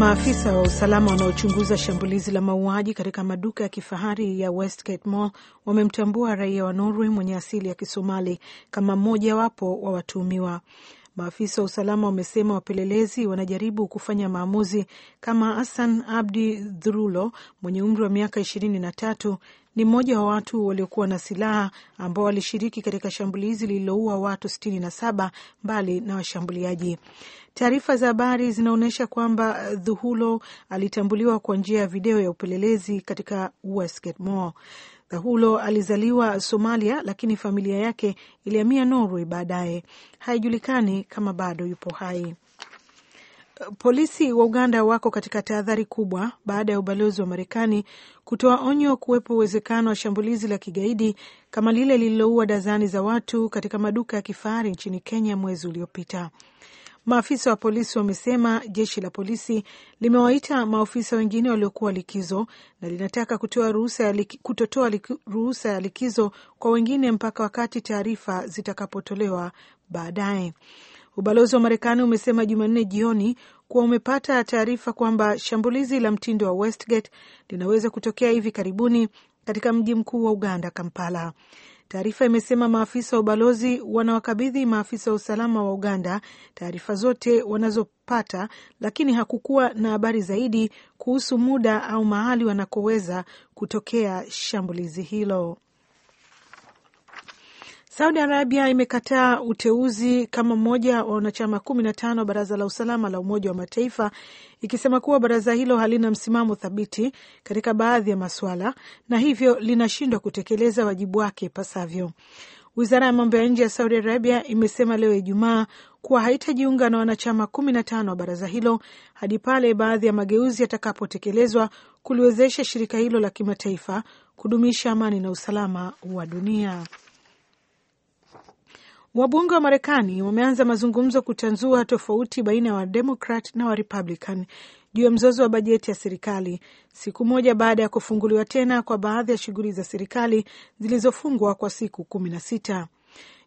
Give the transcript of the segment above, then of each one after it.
Maafisa wa usalama wanaochunguza shambulizi la mauaji katika maduka ya kifahari ya Westgate Mall wamemtambua raia wa Norway mwenye asili ya Kisomali kama mmojawapo wa watuhumiwa. Maafisa wa usalama wamesema wapelelezi wanajaribu kufanya maamuzi kama Hassan Abdi Dhurulo mwenye umri wa miaka ishirini na tatu ni mmoja wa watu waliokuwa na silaha ambao walishiriki katika shambulizi lililoua watu sitini na saba mbali na washambuliaji. Taarifa za habari zinaonyesha kwamba Dhuhulo alitambuliwa kwa njia ya video ya upelelezi katika Westgate Mall dhahulo alizaliwa Somalia, lakini familia yake ilihamia Norway baadaye. Haijulikani kama bado yupo hai. Polisi wa Uganda wako katika tahadhari kubwa baada ya ubalozi wa Marekani kutoa onyo kuwepo uwezekano wa shambulizi la kigaidi kama lile lililoua dazani za watu katika maduka ya kifahari nchini Kenya mwezi uliopita. Maafisa wa polisi wamesema jeshi la polisi limewaita maofisa wengine waliokuwa likizo na linataka kutoa ruhusa kutotoa ruhusa ya likizo kwa wengine mpaka wakati taarifa zitakapotolewa baadaye. Ubalozi wa Marekani umesema Jumanne jioni kuwa umepata taarifa kwamba shambulizi la mtindo wa Westgate linaweza kutokea hivi karibuni katika mji mkuu wa Uganda, Kampala. Taarifa imesema maafisa wa ubalozi wanawakabidhi maafisa wa usalama wa Uganda taarifa zote wanazopata, lakini hakukuwa na habari zaidi kuhusu muda au mahali wanakoweza kutokea shambulizi hilo. Saudi Arabia imekataa uteuzi kama mmoja wa wanachama kumi na tano wa baraza la usalama la Umoja wa Mataifa, ikisema kuwa baraza hilo halina msimamo thabiti katika baadhi ya masuala na hivyo linashindwa kutekeleza wajibu wake ipasavyo. Wizara ya mambo ya nje ya Saudi Arabia imesema leo Ijumaa kuwa haitajiunga na wanachama kumi na tano wa baraza hilo hadi pale baadhi ya mageuzi yatakapotekelezwa kuliwezesha shirika hilo la kimataifa kudumisha amani na usalama wa dunia. Wabunge wa Marekani wameanza mazungumzo kutanzua tofauti baina ya wa Wademokrat na Warepublican juu ya mzozo wa bajeti ya serikali siku moja baada ya kufunguliwa tena kwa baadhi ya shughuli za serikali zilizofungwa kwa siku kumi na sita.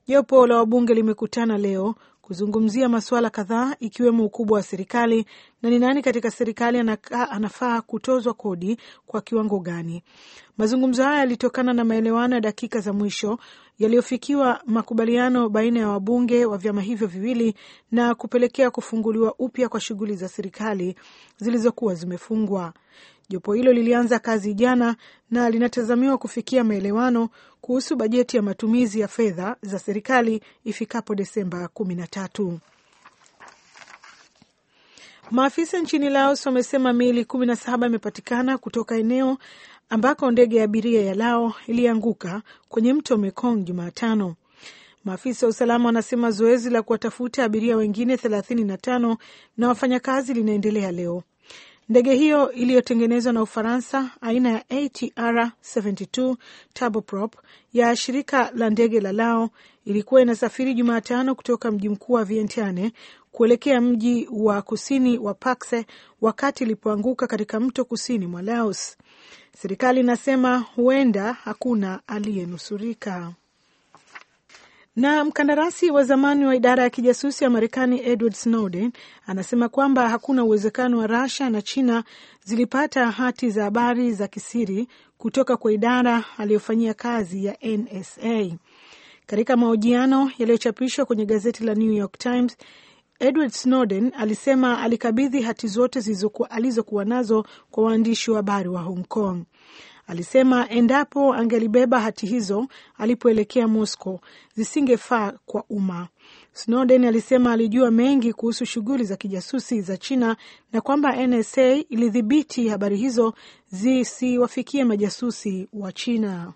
Jopo la wabunge limekutana leo kuzungumzia masuala kadhaa ikiwemo ukubwa wa serikali na ni nani katika serikali anaka, anafaa kutozwa kodi kwa kiwango gani. Mazungumzo haya yalitokana na maelewano ya dakika za mwisho yaliyofikiwa makubaliano baina ya wabunge wa vyama hivyo viwili na kupelekea kufunguliwa upya kwa shughuli za serikali zilizokuwa zimefungwa. Jopo hilo lilianza kazi jana na linatazamiwa kufikia maelewano kuhusu bajeti ya matumizi ya fedha za serikali ifikapo Desemba kumi na tatu. Maafisa nchini Laos wamesema miili kumi na saba imepatikana kutoka eneo ambako ndege ya abiria ya Lao ilianguka kwenye mto Mekong Jumatano. Maafisa wa usalama wanasema zoezi la kuwatafuta abiria wengine 35 na wafanyakazi linaendelea leo. Ndege hiyo iliyotengenezwa na Ufaransa aina ya ATR 72 turboprop ya shirika la ndege la Lao ilikuwa inasafiri Jumatano kutoka mji mkuu wa Vientiane kuelekea mji wa kusini wa Pakse wakati ilipoanguka katika mto kusini mwa Laos. Serikali inasema huenda hakuna aliyenusurika. Na mkandarasi wa zamani wa idara ya kijasusi ya Marekani Edward Snowden anasema kwamba hakuna uwezekano wa Russia na China zilipata hati za habari za kisiri kutoka kwa idara aliyofanyia kazi ya NSA. Katika mahojiano yaliyochapishwa kwenye gazeti la New York Times, Edward Snowden alisema alikabidhi hati zote alizokuwa nazo kwa waandishi wa habari wa Hong Kong. Alisema endapo angelibeba hati hizo alipoelekea Moscow zisingefaa kwa umma. Snowden alisema alijua mengi kuhusu shughuli za kijasusi za China na kwamba NSA ilidhibiti habari hizo zisiwafikie majasusi wa China.